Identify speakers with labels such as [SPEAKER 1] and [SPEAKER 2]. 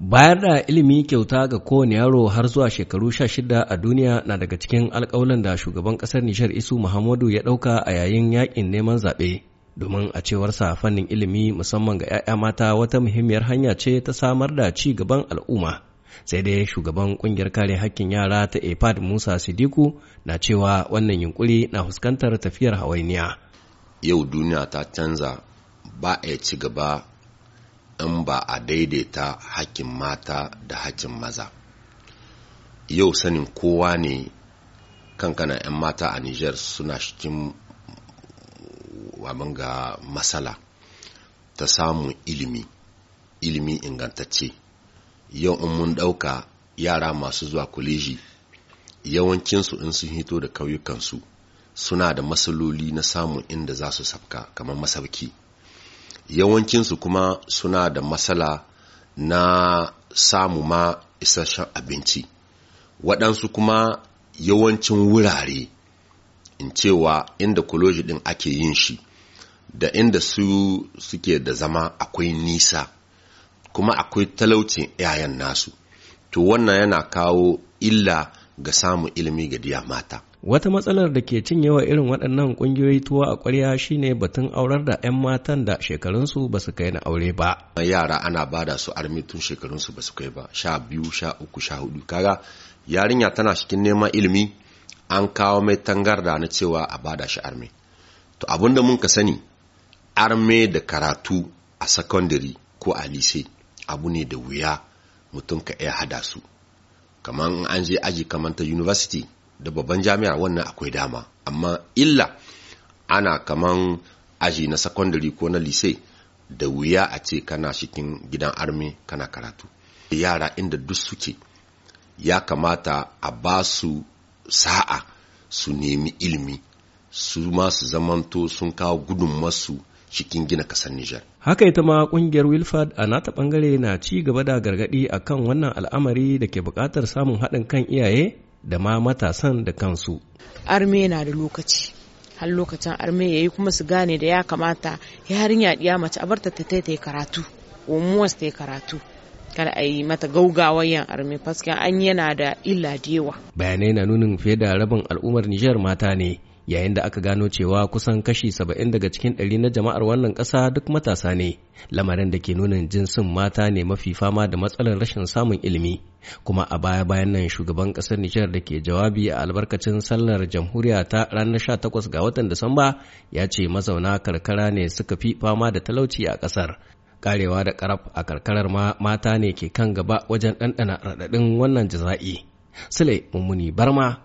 [SPEAKER 1] Bayar da ilimi kyauta ga kowane yaro har zuwa shekaru sha shida a duniya na daga cikin alkawalan da shugaban ƙasar Nishar Isu Muhammadu ya ɗauka a yayin yakin neman zaɓe. Domin a cewarsa fannin ilimi musamman ga 'ya'ya mata wata muhimmiyar hanya ce ta samar da ci gaban al'umma. Sai dai shugaban ƙungiyar kare hakkin yara ta EPAD Musa Sidiku na cewa wannan yunkuri na fuskantar tafiyar hawainiya.
[SPEAKER 2] Yau duniya ta canza ba a ci gaba in ba a daidaita hakkin mata da hakkin maza yau sanin kowa ne kankana 'yan mata a niger suna cikin ga matsala ta samun ilimi ilimi ingantacce yau in mun ɗauka yara masu zuwa kwaleji yawancinsu in sun hito da kauyukansu suna da matsaloli na samun inda za su sabka kamar masauki yawancinsu kuma suna da matsala na samu ma isasshen abinci waɗansu kuma yawancin wurare in cewa inda kuloji ɗin ake yin shi da inda su suke da zama akwai nisa kuma akwai talaucin 'ya'yan nasu to wannan yana kawo illa ga samun ilimi ga diya mata
[SPEAKER 1] Wata matsalar da ke cin yawa irin waɗannan ƙungiyoyi tuwa a ƙwarya shine batun
[SPEAKER 2] aurar da 'yan matan da shekarunsu ba su kai na aure ba. Yara ana ba da su armi tun shekarunsu ba su kai ba, sha biyu, sha uku, sha hudu. Kaga yarinya tana cikin neman ilimi an kawo mai tangarda na cewa a ba da shi armi. To abin da mun ka sani, arme da karatu a sakandare ko a lise abu ne da wuya mutum ka iya hada su. Kamar an je aji kamar ta university da babban jami'a wannan akwai dama amma illa ana kaman aji na secondary ko na lise da wuya a ce kana cikin gidan armi kana karatu yara inda duk suke ya kamata a ba su sa'a su nemi ilimi su ma su zamanto sun kawo masu cikin gina kasar Nijar.
[SPEAKER 1] Haka ita ma kungiyar Wilford a nata bangare na ci gaba da gargadi akan wannan al'amari da ke bukatar samun haɗin kan iyaye da ma matasan da kansu.
[SPEAKER 2] Arme na da lokaci, har lokacin arme ya yi kuma su gane da ya kamata yarinya ya mace a barta ta ta yi karatu, omuwas ta yi karatu. kada a yi mata gaugawayen yan arme fasken an yana da illa da yawa.
[SPEAKER 1] Bayanai na nunin fiye da rabin al'ummar Nijar mata ne. yayin da aka gano cewa kusan kashi saba'in daga cikin ɗari na jama'ar wannan ƙasa duk matasa ne lamarin da ke nuna jinsin mata ne mafi fama da matsalar rashin samun ilimi kuma a baya bayan nan shugaban ƙasar nijar da ke jawabi a albarkacin sallar jamhuriya ta ranar sha takwas ga watan disamba ya ce mazauna karkara ne suka fi fama da talauci a ƙasar karewa da karaf a karkarar ma mata ne ke kan gaba wajen ɗanɗana raɗaɗin wannan jaza'i sule mummuni barma